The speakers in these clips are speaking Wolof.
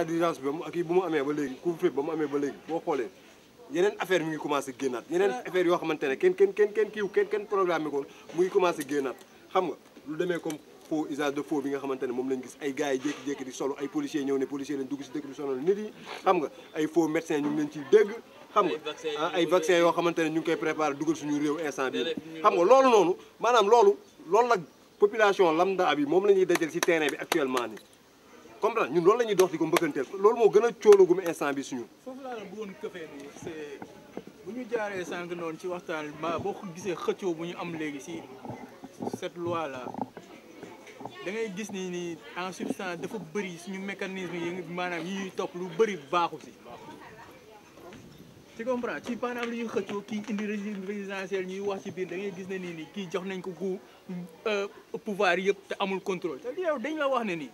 état d'urgence bi ak bu mu amee ba léegi couvre-feu ba mu amee ba léegi boo xoolee yeneen affaire mi ngi commencé génnaat yeneen affaire yoo xamante kenn kenn kenn kenn kenn programme ko mu ngi commencé génnaat xam nga lu demee comme faux usage de faux bi nga xamante ne moom lañ gis ay gars yi jékki-jékki di solo ay policiers ñëw ne policier lañ dugg si dëkk bi sonal nit yi xam nga ay faux médecins ñu ngi leen ciy dégg xam nga ay vaccin ah, yoo xamante ne ñu ngi koy préparé dugal suñu réew instant bi xam nga loolu noonu maanaam loolu loolu moom la si terrain bi actuellement nii comprendre ñun loolu la ñuy dox di ko mbëkkanteel loolu moo gën a cóolagum instant bi suñu. foofu laa la bëggoon këfee nii c'est bu ñu jaaree sànq noonu ci waxtaan ma boo ko gisee xëccoo bu ñu am léegi si cette loi la dangay gis nii ni en substance dafa bari suñu mécanisme yi maanaam yi ñuy topp lu bari baaxu si. tu comprends ci maanaam li ñuy xëccoo kii indi régime ñuy wax ci biir da ngay gis ne nii nii kii jox nañ ko ku euh, pouvoir yëpp te amul contrôle te yow dañ la wax ne nii.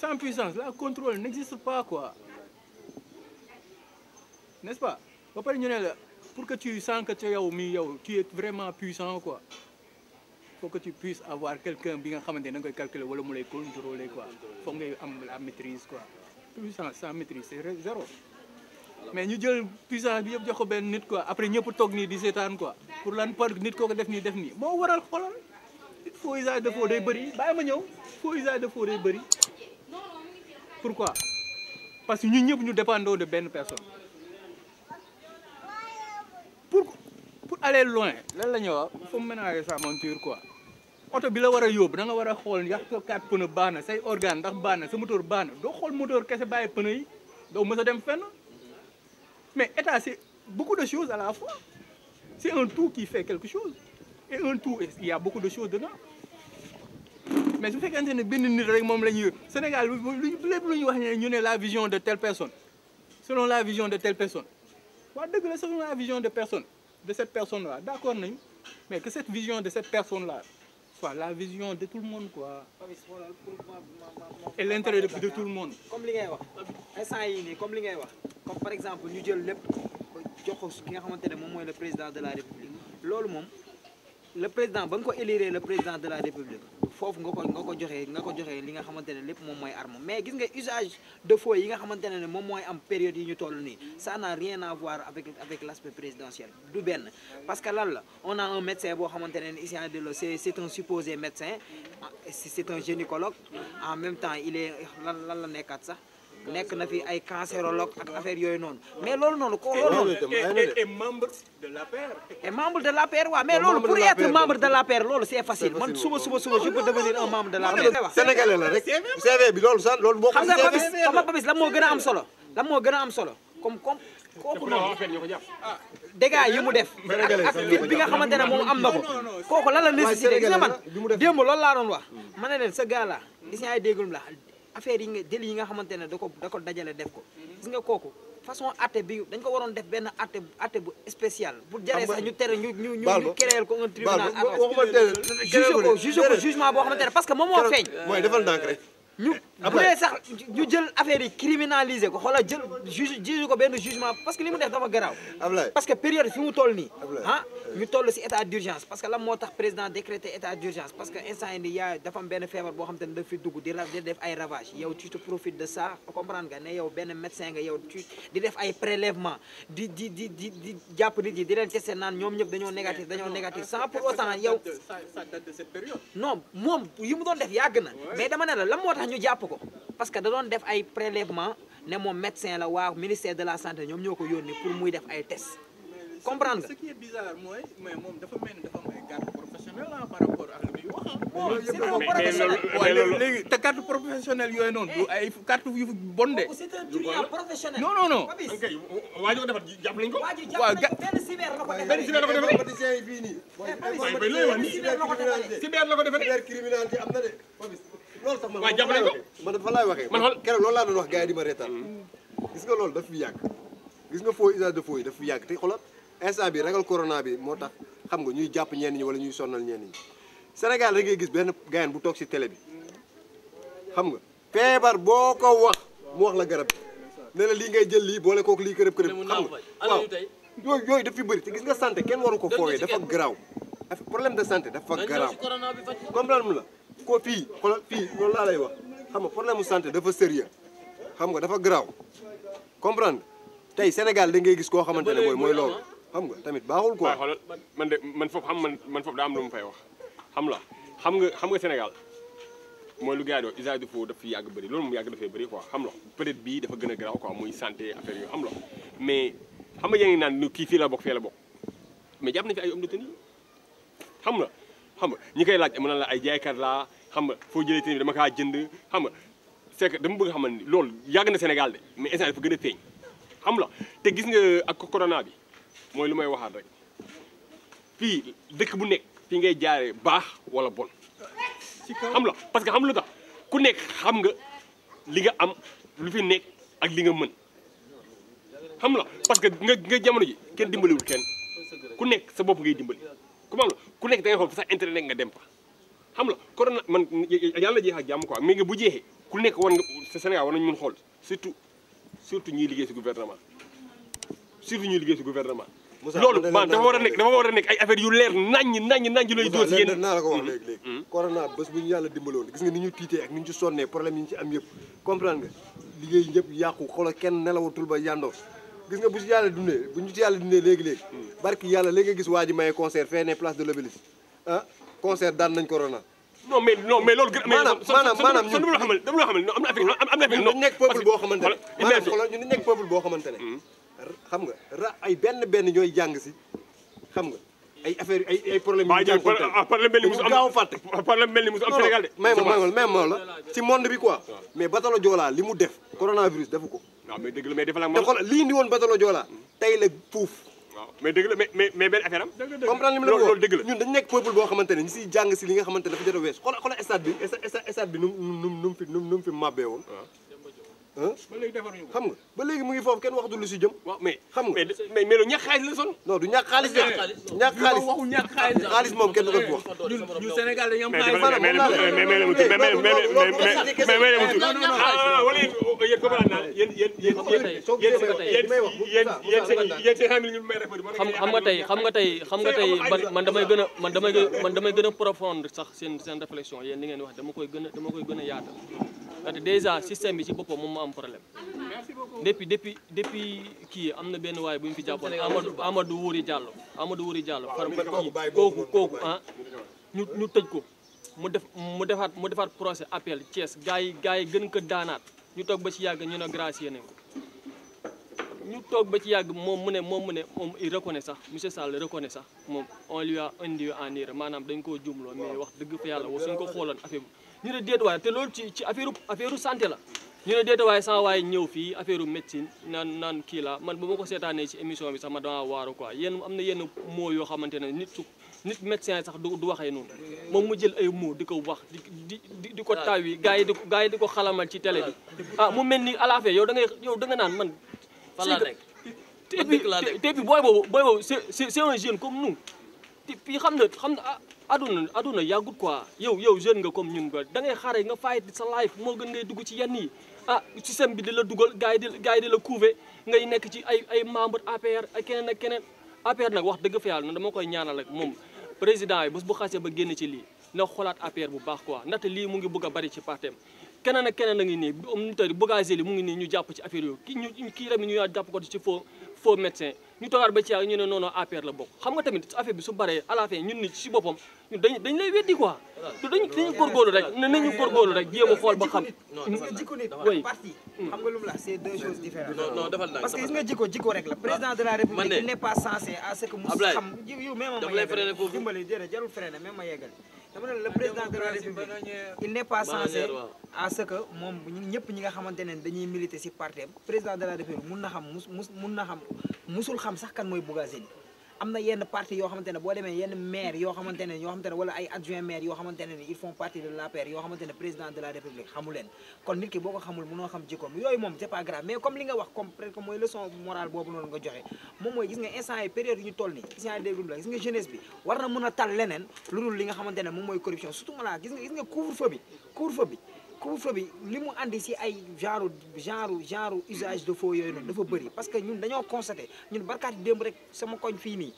sans puissance la contrôle n'existe pas quoi n'est-ce pas ba pare ñu ne la pour que tu sens que ca yow mi yow tu es vraiment puissant quoi faut que tu puisses avoir quelqu'un bi nga xamante ne koy calculer wala mu lay contrôler quoi foog ngay am la maîtrise quoi puissance sans maîtrise c'est zéro mais ñu jël puissance bi yëpp jox ko benn nit quoi après ñëpp toog nii di seetaan quoi pour lan par nit koo ko def nii def nii moo waral xolal faux usage de faux day bëri bàyyi ma ñëw faux usage de faux bëri pourquoi parce que ñu ñëpp ñu dépendons de benn personne pour pour aller loin lan la ñuy wax il faut ménager sa monture quoi oto bi la war a yóbbu da nga war a xool yàq sa quatre pneus baax na say organe ndax baax na sa moteur baax na doo xool moteur kese bàyyi pneu yi doo mës a dem fenn mais état c'est beaucoup de choses à la fois c'est un tout qui fait quelque chose et un tout il y a beaucoup de choses dedans mais su fekkente ne benn nit rek moom la ñuy Sénégal lu lépp lu ñu wax ne ñu ne la vision de telle personne selon la vision de telle personne waa dëgg la de personne de cette personne là d' accord mais que cette vision de cette personne la vision de tout le monde quoi. et l' intérêt de de tout le monde. comme li ngay wax instant yii comme li ngay wax comme ñu jël lépp jox ko ki nga xamante ne moom mooy le président de la république loolu moom. le président ba nga ko élire le président de la république foofu nga ko nga ko joxee nga ko joxe li nga xamante ne lépp moom mooy arme mais gis nga usage de faux yi nga xamante ne moom mooy am période yi ñu toll nii ça n'a rien à voir avec l'aspect présidentiel du benn parce que lan la on a un médecin boo xamante ne ici de lo c'est c'est un supposé médecin ah, c'est un gynécologue en même temps il est lan lan la nekkaat sax nekk na fi ay cancérologue ak affaire yooyu noonu mais loolu noonu ko loolu et membre de l'APR et membre de l'APR waaw mais loolu pour être de nga xamante ne moom am na ko kooku lan la man démb loolu laa doon wax leen sa gars la gis nga ay la affaire yi nga délit yi nga xamante ne da ko da ko dajale def ko gis nga kooku façon atte bi dañ ko waroon def benn atte atte bu spécial bu jaree sax ñu tere ñu ñu ñu créer ko un tribunal juge ko juge ko jugement boo xamante ne parce que moom moo feeñ mooy defal ndànk rek ñu bu dee sax ñu jël affaire yi ko xoolal jël juge juge ko benn jugement parce que li mu def dafa garaaw parce que période fi mu toll nii ah ñu toll si état d'urgence parce que lan moo tax président décrété état d'urgence parce que instant yi nii yaa dafa am benn feebar boo xam te ne daf fi dugg di di def ay ravage yow tu te profites de ça comprendre nga ne yow benn médecin nga yow tu di def ay prélèvement di di di di jàpp nit yi di leen testé naan ñoom ñëpp euh, mu doon def yàgg na tax ñu jàpp ko parce que da doon def ay prélèvement ne moom médecin la waa ministère de la santé ñoom ñoo ko yónni pour muy def ay test comprendre nga. ce qui est bizarre mooy mais moom dafa mel ni dafa am ay carte professionnelle par rapport ak li muy wax. loolu léegi te carte professionnelle yooyu noonu. du ay carte yu bon de. non non non. ok waa ji ko defar jàpp nañu ko. waaw ga benn cyber la ko defee benn cyber la ko defee. politicien yi fii nii. waaye bay lay wax nii cyber la ko defee. cyber criminalité am na de. loolu sax man waaye jàppale ko man dafa laay waxee man xool loolu laa doon wax gars yi di ma reetaan gis nga loolu daf fi yàgg gis nga faux usage de faux yi daf fi yàgg te xoolal instant bi ragal corona bi moo tax xam nga ñuy jàpp ñenn ñi wala ñuy sonnal ñeen ñi Sénégal da ngay gis benn gayaan bu toog si tele bi xam nga feebar boo ko wax mu wax la garab ne la lii ngay jël lii boole kook lii kërëb kërëb xam nga waaw yooyu yooyu daf fi bëri te gis nga santé kenn waru ko foowee dafa garaaw problème de santé dafa garaaw comprendre mu la ko fii xoolal fii loolu laa lay wax xam nga problème mu santé dafa sérieux xam nga dafa garaaw comprendre tey Sénégal da ngay gis koo xamante ne mooy mooy loolu ah? xam nga tamit baaxul quoi. waaw xoolal man man foofu xam man man foofu daa am lu mu fay wax xam la xam nga xam nga Sénégal mooy lu gars yi usage de faux daf fi yàgg bëri loolu moom yàgg dafay bëri quoi xam la peut-être bii dafa gën a garaaw quoi muy santé affaire yu xam la mais xam nga yaa ngi naan kii fii la bokk fii la bokk mais jàpp nañu fi ay homme de tenue xam nga xam nga ñi koy laaj mën na la ay jaaykat laa xam nga foo jëlee dama kaa jënd xam nga c'est que dama bëgg xamal ni loolu yàgg na Sénégal mais instant dafa gën a la te gis nga ak corona bi mooy lu may waxaat rek fii dëkk bu nekk fii ngay jaaree baax wala bon xam la parce que xam la da ku nekk xam nga li nga am lu fi nekk ak li nga mën xam la parce que nga nga jamono ji kenn dimbaliwul kenn ku nekk sa bopp ngay dimbali ku maam la ku nekk da ngay xool sax intérêt nga dem fa xam la corona man yàlla jeex ak jàmm quoi mais nga bu jeexee ku nekk war nga Sénégal war nañu mën xool surtout surtout ñuy liggéey si gouvernement surtout ñuy liggéey si gouvernement loolu man dafa war a nekk dafa war a nekk ay affaire yu leer naññ naññ naññ lay dóor si yéen naa la ko mm-hmm. Mm-hmm. bu ñu yàlla dimbaloon gis nga ni ñu tiitee ak ni ñu ci sonnee problème yi ñu ci am yëpp comprendre nga liggéey yëpp yàqu xoolal kenn nelawatul ba yàndoo gis nga bu ci yàlla dundee bu ñu ci yàlla dundee léegi léegi barki yàlla léegi gis waa ji maye concert fee ne place de l'Obélisque ah concert daan nañ corona non mais non mais loolu. maanaam maanaam maanaam ñun dama la na. ñu nekk boo xamante ne. maanaam xoolal ñu nekk peuple boo xamante ne. xam nga ra ay benn benn ñooy jàng si xam nga. ay affaire ay ay problème yu ñu gaaw fàtte problème mel ni musu am Sénégal de mais moom mais moom la ci monde bi quoi mais Batalo Joola li mu def coronavirus defu ko waaw mais dëgg la mais defal ak moom te xool lii indi woon Batalo Joola tey la puuf waaw mais dëgg la mais mais benn affaire am comprendre li loolu dëgg la ñun dañu nekk peuple boo xamante ne ñu siy jàng si li nga xamante ne dafa jot a wees xool xool stade bi stade bi nu mu nu mu fi nu mu fi màbbee woon ba léegi defaruñu ko xam nga ba léegi mu ngi foofu kenn waxatul lu si jëm. waaw mais xam nga mais mais ñàkk xaalis la son. non du ñàkk xaalis de. ñàkk xaalis waxu ñàkk xaalis xaalis moom kenn du ko wax. ñu Sénégal dañu am xaalis. mais mais mais mais mais am problème depuis depuis depuis kii am na benn waay bu ñu fi jàppoon Amadou Amadou Wuri Diallo Amadou Wuri Diallo par kii kooku kooku ah ñu ñu tëj ko mu def mu defaat mu defaat procès appel Thiès gars yi gars yi gën ko daanaat ñu toog ba ci yàgg ñu ne gracier nañ ko ñu toog ba ci yàgg moom mu ne moom mu ne moom il reconnaît sax monsieur Sall reconnaît sax moom on lui a induit en maanaam dañ koo juumloo mais wax dëgg fa yàlla wax suñ ko xooloon affaire bi ñu ne déet waaye te loolu ci ci affaire affaire la ñu ne déeta waaye sans waaye ñëw fii affaire u médecine naan naan kii la man bu ma ko seetaanee ci émission bi sama ma dama waaru quoi yenn am na yenn moo yoo xamante ne nit su nit médecin sax du du waxee noonu moom mu jël ay moo di ko wax di di di ko ah. taw yi gaa yi di ko gars yi xalamal ci tele bi ah. ah mu mel ni à la yow da ngay yow da nga naan man fan laa nekk booy boobu booy boobu c'est c'est un jeune comme nous te puis xam na xam na aduna aduna yàggut yow yow jeune nga comme ñun nga da ngay xare nga fayit sa moo gën ngay dugg ci yenn yi ah système bi di la dugal gars yi di gars yi di la couver ngay nekk ci ay ay membre APR ay keneen ak keneen APR nag wax dëgg fa yàlla dama koy ñaanal ak moom président yi bés bu xasee ba génn ci lii na xoolaat APR bu baax quoi ndaxte lii mu ngi bëgg a bari ci partem keneen ak keneen la ngi nii am nu tari Bougazelli mu ngi nii ñu jàpp ci affaire yooyu kii ñu kii tamit ñu yaa jàpp ko ci foo faux médecin ñu toogaat ba ci yàgg ñu ne non non APR la bokk xam nga tamit affaire bi su baree à la fin ñun ni si boppam ñun dañ weddi quoi dañu góorgóorlu rek ne nañu góorgóorlu rek jéem a ba mm. xam nga lu mu la c'est deux choses différentes non defal naa parce que gis nga rek la ah. président la république dama ne le président de la république il n'est pas censé à ce que moom ñëpp ñi nga xamante ne dañuy militer ci parti président de la république mun na xam mus mus mun na xam musul xam sax kan mooy Bougazeli am na yenn parti yoo xamante ne boo demee yenn maire yoo xamante ne yoo xamante ne wala ay adjoint maire yoo xamante ne ni ils font partie de l'APR yoo xamante président de la république xamu kon nit ki boo ko xamul mënoo xam jikkoom yooyu moom c'est pas grave mais comme li nga wax comme peut mooy leçon morale boobu noonu nga joxe moom mooy gis nga instant yi période yu ñu toll nii gis nga jeunesse bi war na mën a tal leneen lu dul li nga xamante mooy corruption couvre-feu bi li mu andi si ay genre genre genre usage de faux yooyu noonu dafa bëri parce que ñun dañoo constaté ñun barkaati dem rek sama koñ fii nii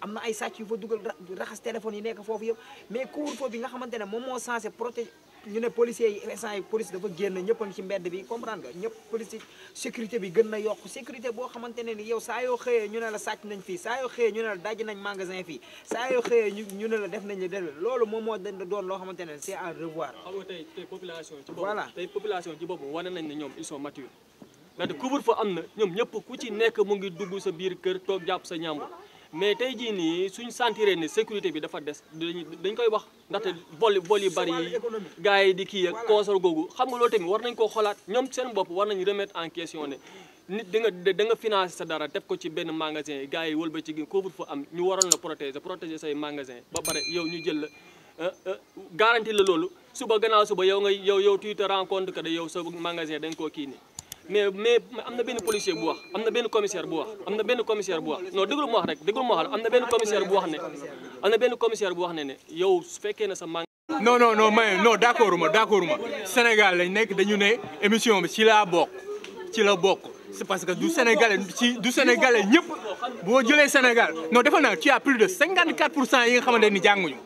am na ay sàcc yu fa dugal raxas téléphone yi nekk foofu yëpp mais couvre-feu bi nga xamante ne moom moo censé protéger ñu ne policiers yi instant yi police dafa génn ñëppan ci mbedd bi comprendre nga ñëpp police sécurité bi gën na yokk sécurité boo xamante ne ni yow saa yoo xëyee ñu ne la sàcc nañ fii saa yoo xëyee ñu ne la daj nañ magasin fii saa yoo xëyee ñu ne la def nañ la def loolu moom moo doon loo xamante ne c'est un revoir xam nga tey tey population ci boppam voilà wane nañ ne ñoom ils sont matures ndaxte couvre-feu am na ñoom ñëpp ku ci nekk mu ngi dugg sa biir kër toog jàpp sa ñàmbur mais tey jii nii suñ sentiree ne sécurité bi dafa des dañ koy wax ndaxte vol vol yi bari yi gars yi di kii ak koosal googu xam nga loolu tamit war nañ ko xolaat ñoom seen bopp war nañ remettre en question ne nit danga danga da sa dara def ko ci benn magasin yi gars yi wëlba ci gi couvre fa am ñu waroon la protéger protéger say magasin ba pare yow ñu jël la euh, euh, garantie la loolu suba gannaaw suba yow nga yow yow tu te rends yow sa magasin dañ koo kii nii mais mais am na benn policier bu wax am na benn commissaire bu wax am na benn commissaire bu rek déglu ma wax am na benn commissaire bu wax ne am na benn commissaire bu wax ne ne yow fekkee ne sa mang non non non mais non d' accord ma d' accord ma Sénégal nekk dañu ne émission bi ci laa bokk ci la bokk c' parce que du Sénégalais ci du Sénégalais ñëpp boo jëlee Sénégal non defe naa tu as plus de 54 pour cent yi nga xamante ni jànguñu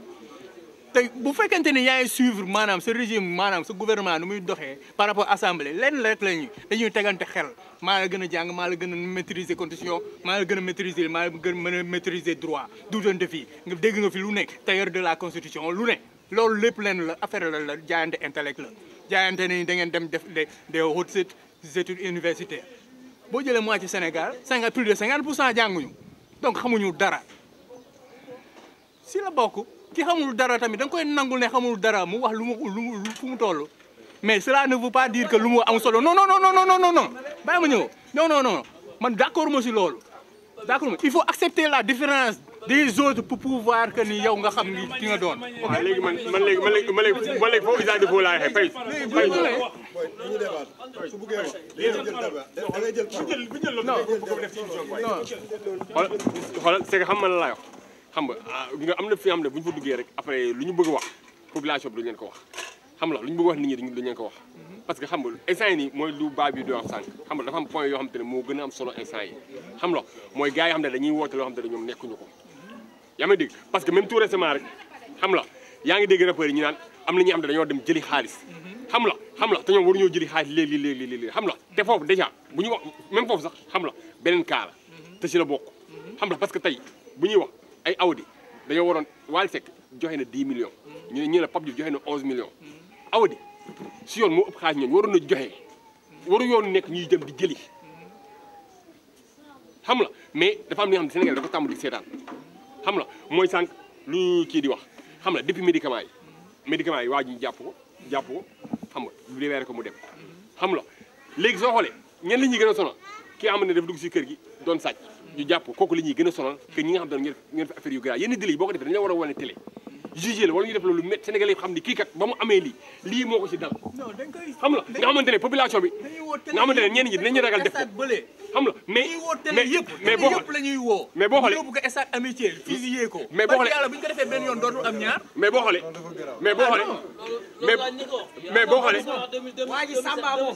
te bu fekkente ni yaa ngi suivre maanaam sa régime maanaam sa gouvernement nu muy doxee par rapport assemblée lenn rek la ñuy dañuy tegante xel maa la gën a jàng maa la gën a maîtriser constitution maa la gën a maîtriser maa la gën a mën a maîtriser droit duutante fii nga dégg nga fi lu nekk tailleur de la constitution lu ne loolu lépp lenn la affaire la la jaayante intellect la jaayante ni da ngeen dem def des des hautes études universitaires boo jëlee moitié ci Sénégal cinquante plus de cinquante pour cent jànguñu donc xamuñu dara si la bokk ki xamul dara tamit da nga koy nangul ne xamul dara mu wax lu mu lu mu fu mu toll mais cela ne veut pas dire que lu mu am solo non non non non non non non bàyyi ma ñëw non man d'accord ma si loolu d'accord ma il faut accepter la différence des autres pour pouvoir que ni yow nga xam ni ki nga doon. waaw léegi man man léegi man léegi man léegi man léegi foofu Issa Defoe laa waxee fay. fay non non xoolal c'est que xam nga lan laa wax. xam ah, nga am na fi xam ne bu ñu fa duggee rek après lu ñu bëgg wax population bi duñu leen ko wax xam nga lu ñu bëgg wax nit ñi wax mhm. parce que xam nga instant yi nii mooy lu baa bi wax sànq xam nga dafa am point yoo xam a am solo instant yi xam nga mooy gars yi loo xam te ko yaa ngi dégg parce que même tout récemment rek xam nga yaa ngi dégg rappeurs yi ñu naan am na ñuy xam dañoo dem jëli xaalis mhm. xam la xam la te ñoom waruñoo jëli xaalis léegi léegi léegi xam la te foofu déjà bu ñu même foofu sax xam la beneen cas la mhm. te si la bokk xam la parce que tey bu ñuy wax ay Audi dañoo waroon Wally Seck joxe na 10 million ñu ne ñu ne Pape Diouf joxe na 11 millions Audi si yoon moo ëpp xaalis ñoom waroon na joxe waru yoon nekk ñuy dem di jëli xam mais dafa am li nga xam ne Sénégal dafa tàmm di seetaan xam la mooy sànq lu kii di wax xam la depuis médicament yi médicament yi waa ji jàpp ko jàpp ko xam nga lu dee ko mu dem xam la léegi soo xoolee ñen li ñuy gën a sonal ki nga xam ne dafa dugg si kër gi doon sàcc ñu jàpp kooku la ñuy gën a sonal que ñi nga xam ne ngeen fi affaire yu grave yenn délai yi boo ko la war ñu def loolu métti sénégalais yi xam ni kii kat ba mu amee lii lii moo ko ci dal xam la nga xamante ne population bi nga xamante ne ñenn ñi dinañu ragal def xam la mais mais boo xoolee mais boo xoolee mais boo xoolee mais boo xoolee mais boo xoolee mais boo xoolee waa ji Samba moom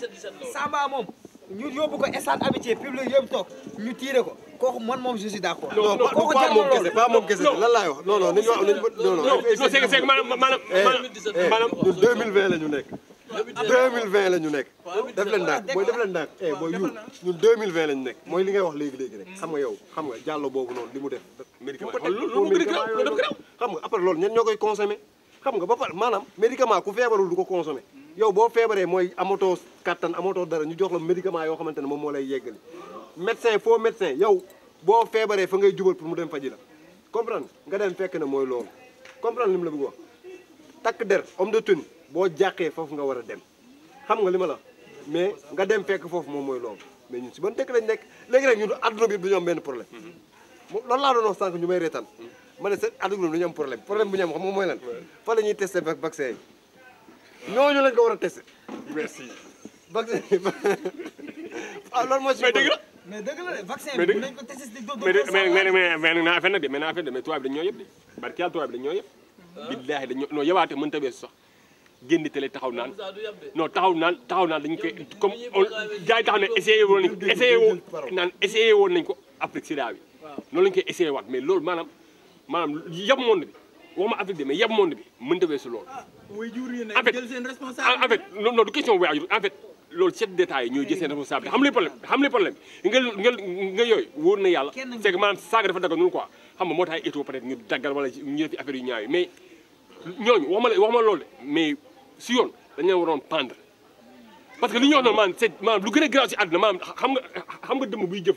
Samba moom ñu yóbbu ko stade amitié public yëpp toog ñu tiire ko kooku man moom je suis laay wax non non. nañu eh, eh, la nekk. 2020 la ñu nekk. def leen ndànk mooy def eh, la nekk mooy li ngay wax léegi léegi rek xam nga yow xam nga jàll boobu noonu li mu def. médicament loolu médicament loolu nga après loolu ñenn ñoo koy ku feebarul du ko consommer yow boo feebaree mooy amatoo kattan amatoo dara ñu jox la yoo xamante ne moom moo lay yeggali médecin foo médecin yow boo feebaree fa ngay jubal pour mu dem faji la comprendre nga dem fekk na mooy loolu comprendre li mu la bëgg wax takk der om de tenue boo jàqee foofu nga war a dem xam nga li ma la mais nga dem fekk foofu moom mooy loolu mais si ban dëkk lañ nekk léegi rek ñun adduna bi benn problème loolu laa doon wax ñu may reetaan ma ne sa adduna bi dañu am problème problème bu ñu am xam nga mooy lan fa la ñuy testé vaccin yi ñooñu lañ ko war a testé merci vaccin ah loolu moo si mais dëgg mais dëgg la de vaccin bi dinañ ko testé doo doo mais mais mais naa affaire nag de mais naa affaire de mais tubaab bi ñoo yëpp de barke yàlla tubaab bi ñoo yëpp ah. billaahi dañ non yowaate mënta weesu sax génn télé taxaw naan non taxaw naan taxaw naan dañ koy comme gars yi taxaw ne essayé woon nañ ko essayé woon naan essayé woon nañ ko Afrique sida bi noonu lañ koy essayé waat mais loolu maanaam maanaam yab monde bi waxuma Afrique de mais yab monde bi mënta weesu loolu ah, en fait en fait non du question voyage en fait loolu chef d'état yi ñoo jël seen responsabilité xam li problème xam li problème nga nga nga yooyu wóor na yàlla c'est que maanaam saaga dafa dagga nunu quoi xam nga moo tax étau peut être ñu daggal wala ñu def affaire yu ñaaw mais ñooñu wax ma la wax ma mais si yoon dañ leen waroon pendre parce que li ñu wax noonu maanaam c'est maanaam lu gën a grave si àdduna maanaam xam nga xam nga dëmm buy jëf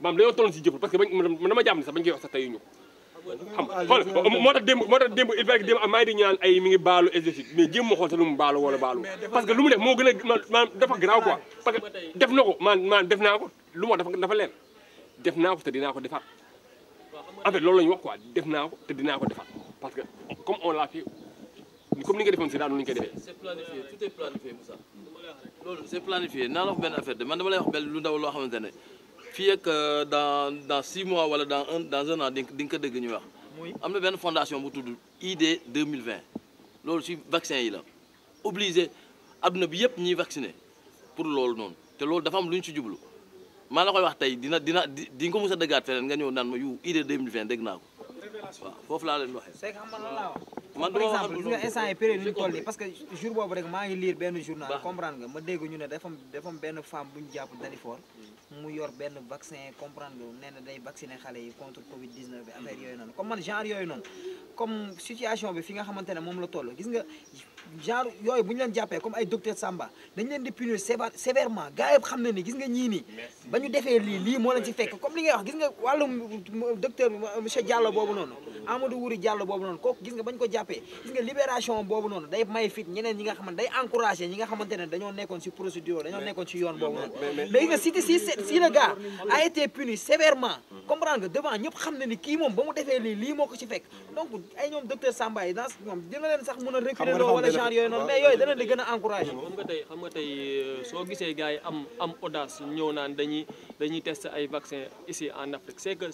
maanaam dañoo toll si jëf parce que dama jàmm ne sax bañ koy wax tey ñu xam xool moo tax démb moo tax démb il paraît que démb maa ngi di ñaan ay mi ngi baalu exécutif mais jéem ma xool sa lu mu baalu wala baalu parce que lu mu def moo gën a maanaam dafa garaaw quoi parce que def na ko man def naa ko lu ma dafa dafa leer def naa ko te dinaa ko defaat en fait loolu la ñu wax quoi def naa ko te dinaa ko defaat parce que comme on l'a fait comme ni nga defoon si daal noonu ñu koy defee. c'est planifié tout est planifié Moussa loolu de man dama lay wax benn lu ndaw ne fii ak euh, dans dans mois wala dans un dans un an di nga ko dégg ñuy wax. am na benn fondation bu tudd ID 2020 loolu ci vaccin yi la obligé adduna bi yëpp ñuy vacciner pour loolu noonu te loolu dafa am lu ñu ci jublu maa la koy wax tey dina dina di di ko a dëggaat feneen nga ñëw naan ma yu ID 2020 dégg naa ko waaw foofu laa leen waxee. c'est que xam wax. man par exemple gis que jour boobu maa ngi lire benn journal comprendre nga ma dégg ñu ne dafa dafa benn femme bu ñu jàpp Dalifort mu yor benn vaccin comprendre lu nee day vacciner xale yi contre Covid 19 bi affaire yooyu noonu comme man genre yooyu noonu comme situation bi fi nga xamante ne moom la toll gis nga genre yooyu bu ñu leen jàppee comme ay docteur Samba dañ leen di punir sévèrement gars yëpp xam na ni gis nga ñii nii ba ñu defee lii lii moo leen ci fekk comme li ngay wax gis nga wàllum docteur monsieur Diallo boobu noonu Amadou Wuri Diallo boobu noonu kooku gis nga bañ ko jàppee gis nga libération boobu noonu day may fit ñeneen ñi nga xamante day encouragé ñi nga xamante ne dañoo nekkoon ci procédure dañoo nekkoon ci yoon boobu noonu mais gis nga si si si le nga devant ñëpp xam ne ni kii moom ba mu defee lii lii moo ko ci fekk donc ay ñoom docteur Samba yi dans ñoom dina leen sax mën a reculer loo wala genre yooyu noonu mais yooyu dana di gën a encouragé xam xam nga tey euh, soo gisee gars yi am am audace ñëw naan dañuy dañuy test ay vaccin ici en Afrique c'est que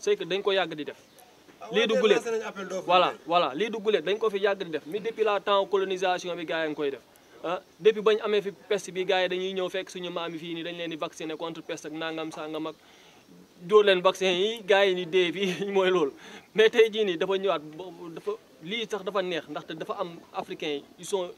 chaque dañ ko yàgg di def Ah, lii du guléet voilà voilà lii du guléet dañ ko fi yàgg di def mi depuis la temps colonisation bi gars yi ngi koy def ah depuis bañ amee fi peste bi gars yi dañuy ñëw fekk suñu maam yi fii nii dañ leen di vacciner contre peste ak nangam sangam ak dóor leen vaccin yi gars yi ni dee fii mooy loolu mais tey jii nii dafa ñëwaat dafa lii sax dafa neex ndaxte dafa am africains yi ils sont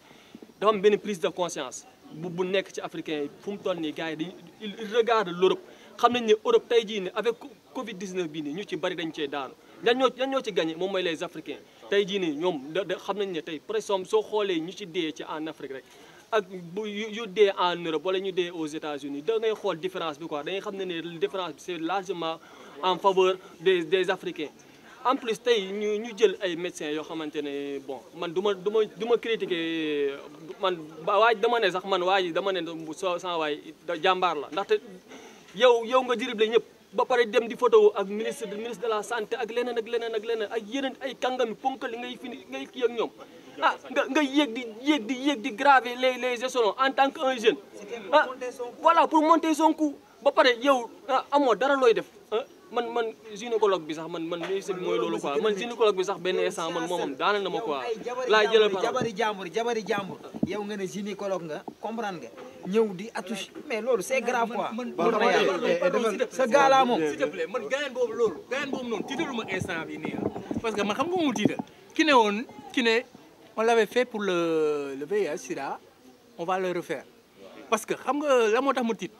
dafa am benn prise de conscience bu bu nekk ci africains yi fu mu toll nii gars yi dañuy ils regardent l'Europe xam nañ ne Europe tey jii nii avec Covid bii nii ñu ci bari dañ cee daanu ñan ñoo ñoo ci gagné moom mooy les africains tey jii nii ñoom da xam nañ ne tey pression soo xoolee ñu ci dee ci en Afrique rek ak bu yu dee en Europe wala ñu dee aux États-Unis da ngay xool différence bi ko da ngay xam ne ne différence bi c'est largement en faveur des des africains en plus tey ñu ñu jël ay médecins yoo xamante ne bon man du ma du ma du ma critiquer man waaj dama ne sax man waa ji dama ne sa sa waay jàmbaar la ndaxte yow yow nga dribbler ñëpp ba pare dem di photo ak ministre ministre de la santé ak leneen ak leneen ak leneen ak yeneen ay kàngami ponkal li ngay fini ngay kii ak ñoom ah nga nga yéeg di yéeg di yéeg di graver les les échelons en tant que un jeune ah voilà pour monter son coup ba pare ah, amoo dara looy def man man gynécologue bi sax man man ministre bi mooy loolu quoi man gynécologue bi sax benn instant man moomam daana na ma quoi. laay jëlal par jabari jàmbur jabari jàmbur yow nga ne gynécologue nga comprendre nga ñëw di atouché mais loolu c'est grave quoi. sa gaa laa moom s'il te man gaañan boobu loolu bi ah. parce que man xam nga mu tiita ki ne woon ki ne on l'avait fait pour le le VIH on va le refaire parce que xam nga la moo tax mu tiit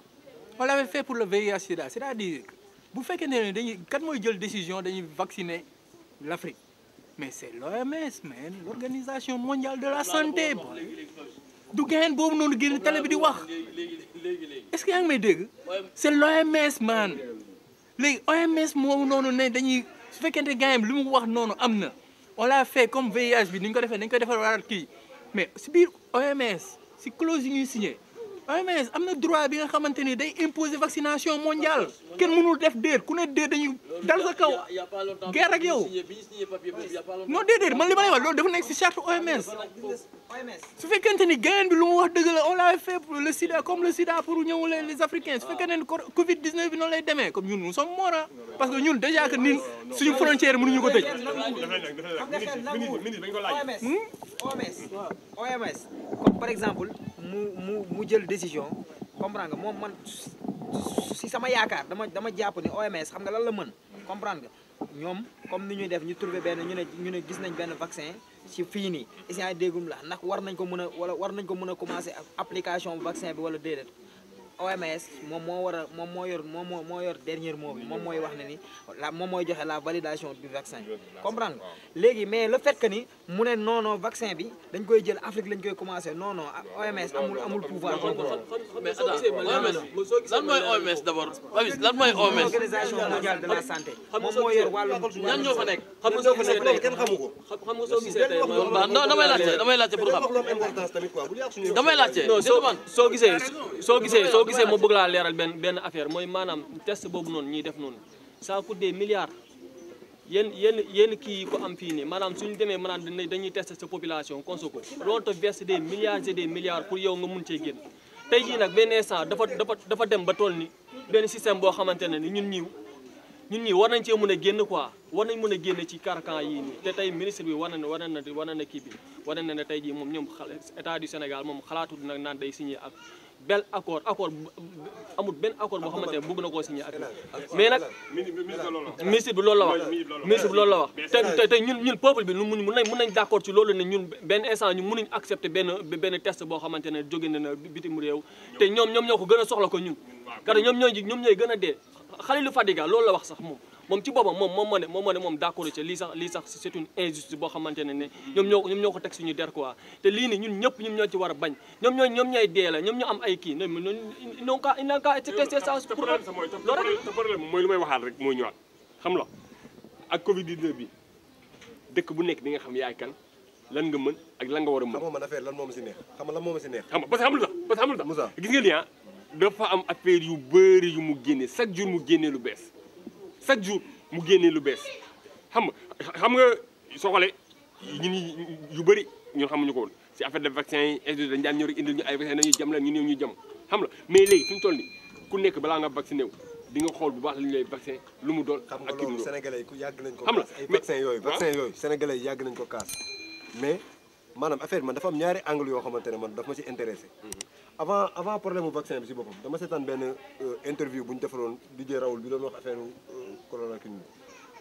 on fait pour le VIH bu fekkee ne dañuy kat mooy jël décision dañuy vacciner l'Afrique mais c'est l'OMS mais l'organisation mondiale de la santé du gaxeen boobu noonu génn télé bi di wax est-ce que yaa may dégg c'est l'OMS man léegi OMS moomu noonu ne dañuy su fekkente gaayam li mu wax noonu am na on l'a fait comme VIH bi ni ñu ko defee dañ ko defal waral kii mais si biir OMS si clause yi ñuy signe waaye mais am na droit bi nga xamante ni day imposer vaccination mondiale kenn mënul def déet ku ne déet dañuy dal sa kaw guerre ak yow non déedéet man li ma lay wax loolu dafa nekk ci charte OMS su fekkente ni gayen bi lu mu wax dëgg la on l'a fait pour le sida comme le sida pour ñëw les africains su fekkente ni covid 19 bi noonu lay demee comme ñun nous sommes morts parce que ñun déjà que nin suñu frontière mënuñu ko tëj hmm? OMS OMS comme par exemple mu mu mu jël décision comprendre nga moom man si sama yaakaar dama dama jàpp ni OMS xam nga lan la mën comprendre nga ñoom comme ni ñuy def ñu trouvé benn ñu ne ñu ne gis nañ benn vaccin ci fii nii isient déggum la ndax war nañ ko mën a wala war nañ ko mën a commencé application vaccin bi wala déedéet OMS moom moo war moom moo yor moom moo moo dernier mot bi moom mooy wax ne ni la moom mooy joxe la validation du vaccin comprendre léegi mais le fait ni mu ne non vaccin bi dañ koy jël Afrique lañ koy commencé non OMS ah, amul pouvoir mais mooy OMS d'abord lan mooy la santé moom moo yor ko xam nga soo gisee tey non damay laajte damay laajte pour xam damay laajte soo gisee boo gisee ma bëgg laa leeral benn benn affaire mooy maanaam test boobu noonu ñuy def noonu ça de des milliards yéen yéen kii yi ko am fii nii maanaam suñu demee maanaam dañuy tester sa population conso ko loolu te verse des milliards et des pour yow nga mun cee génn tey jii nag benn instant dafa dafa dafa dem ba toll ni benn système boo xamante ne ni ñun ñiw ñu ñii war nañ cee mun a génn quoi war nañ mën a génn ci carcan yii nii te tey ministre bi war na ne war na war na kii bi war na ne tey jii moom ñoom état du Sénégal moom xalaatul nag naan day ak bel accord accord amul benn accord boo xamante ne bëgg na koo signé ak mais nag ministre bi loolu la wax ministre bi loolu la wax te te ñun ñun peuple bi mun mun nañ mun nañ loolu ne ñun benn instant ñu mënuñ accepter benn benn test boo xamante ne jóge na bitim réew te ñoom ñoom ñoo ko gën a soxla ko ñun car ñoom ñooy gën a dee Khalilou Fadiga loolu la wax sax moom moom ci boppam moom moom moo moom moo ne moom d'accord ci lii sax lii sax c'est une injustice boo xamante ne ne ñoom ñoo ñoom ñoo ko teg suñu der quoi te lii ni ñun ñëpp ñun ñoo ci war a bañ mooy lu may waxaat rek mooy ñëwaat xam la ak covid bi dëkk bu nekk bi nga xam yaay kan lan nga mën ak lan nga war a mën. xam lan moom si neex xam nga lan moom si neex. xam nga parce que xam nga lu tax parce xam nga lu tax. Moussa gis nga ni ah dafa am affaire yu bëri yu mu génne chaque jour mu génne lu bees. chaque jour mu génnee lu bees xam nga xam nga soo xoolee ñun yu bëri ñun xamuñu ko woon si affaire de vaccin yi ñu ay vaccin dañuy jam la ñu néew ñu jam xam la mais léegi fi mu toll ku nekk balaa nga vacciné wu di nga xool bu baax li ñu lay vaccin lu mu doon ak kii mu doon ku yàgg nañ ko xam la ay vaccin yooyu ah? vaccin yooyu sénégalais yàgg nañ ko kaas mais maanaam affaire man dafa am ñaari angle yoo xamante ne man daf ma ci intéressé mhm. avant avant problème vaccin bi si boppam dama seetaan benn euh, interview bu ñu defaloon DJ Raoul bi doon wax euh, corona ki ñu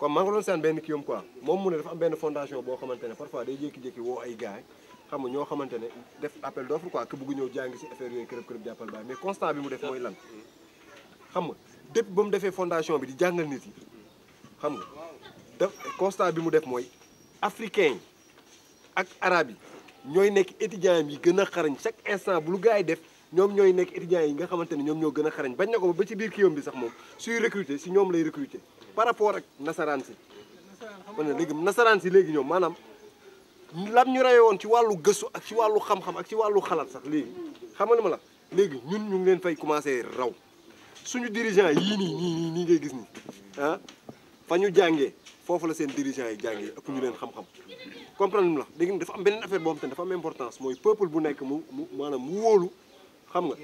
maa ngi doon seen benn kiyam quoi moom mu ne dafa am benn fondation boo xamante ne parfois day jékki-jékki woo ay gars xam nga ñoo xamante ne def appel d'offre quoi que bëgg ñëw jàngi si affaire yooyu kërëb kërëb jàppal baay mais constat bi mu def mooy lan xam nga depuis ba mu defee fondation bi di jàngal nit yi xam nga def constat bi mu def mooy africain yi ak arabe yi ñooy nekk étudiants yi gën a xarañ chaque instant bul lu yi def ñoom ñooy nekk étudiants yi nga xamante ne ñoom ñoo gën a xarañ bañ na ko ba ci biir kiwam bi sax moom suy recruter si ñoom lay recruter par rapport ak nasaraan si ma ne léegi nasaraan si léegi ñoom maanaam lam ñu raye woon ci wàllu gëstu ak ci wàllu xam-xam ak ci wàllu xalaat sax léegi xam nga ma la léegi ñun ñu ngi leen fay commencé raw suñu dirigeant yii nii nii nii ngay gis nii ah fa ñu jàngee foofu la seen dirigeant yi jàngee ëpp ñu leen xam-xam comprendre mu la léegi dafa am beneen affaire boo te dafa am importance mooy peuple bu nekk mu mu maanaam mu xam nga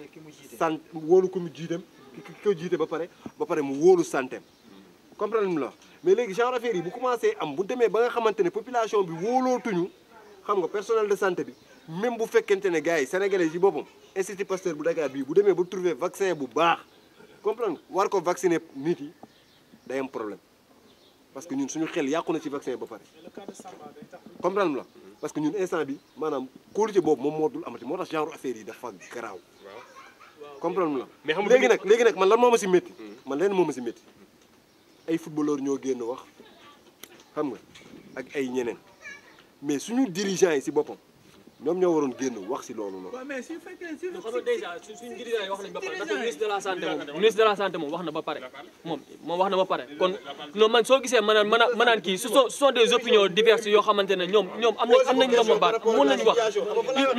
sant wóolu ko mu jiitam ki ko jiite ba pare ba pare mu wóolu santem comprendre mu la mais léegi genre affaire yi bu commencé am bu demee ba nga xamante ne population bi wóolootuñu xam nga personnel de sante bi même bu fekkente ne gars yi sénégalais yi boppam institut Pasteur bu Dakar bii bu demee ba trouver vaccin bu baax comprendre war ko vacciner nit yi day am problème parce que ñun suñu xel yàqu na ci vaccin ba pare comprendre mu la parce que ñun moom moo dul amati moo tax genre affaire comprendre la mais xam léegi nag léegi nag man lan moo ma si métti man leen moo ma si métti ay footballeur ñoo génn wax xam nga ak ay ñeneen mais suñu dirigeant yi si boppam ñoom ñoo waroon génn wax si loolu noonu. waaw mais su fekkee si lu. xam nga dèjà suñu dirigeant yi wax nañu ba pare ndax de la santé moom ministre de la santé moom wax na ba pare moom moom wax na ba pare kon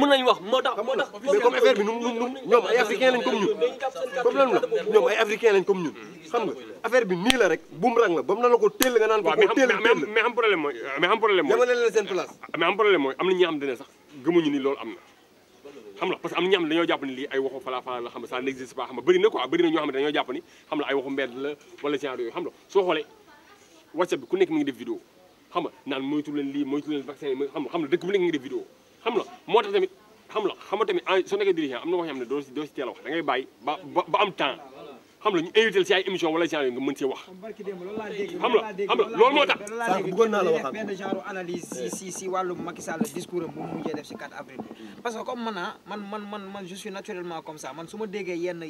nañ wax moo tax moo tax. mais comme affaire bi nu mu ñoom ay affaire bi nii la rek boomerang la ba na la ko nga naan ko. waaw mais am problème euh, leen mooy am na ñi am dina sax gëmuñu ni loolu am na xam nga parce que am na ñoo xam ne dañoo jàpp ni lii ay waxu falaa falaa la xam nga ça n'existe pas xam nga bëri na quoi bëri na ñoo xam ne dañoo jàpp xam la xam nga xam lii moytu leen vaccin yi xam nga xam nga dëkk tamit soo nekkee dirigeant am na wax yoo xam ne doo si doo si teel a wax da bàyyi ba ba am temps xam la ñu invité ci ay émission wala genre nga mën cee wax. xam la xam la loolu moo tax. sànq bëggoon naa la waxaat benn genre analyse si si si wàllum Macky discours am bu mu mujjee def si 4 avril mm. parce que comme man ah man man man man je suis naturellement comme ça yenn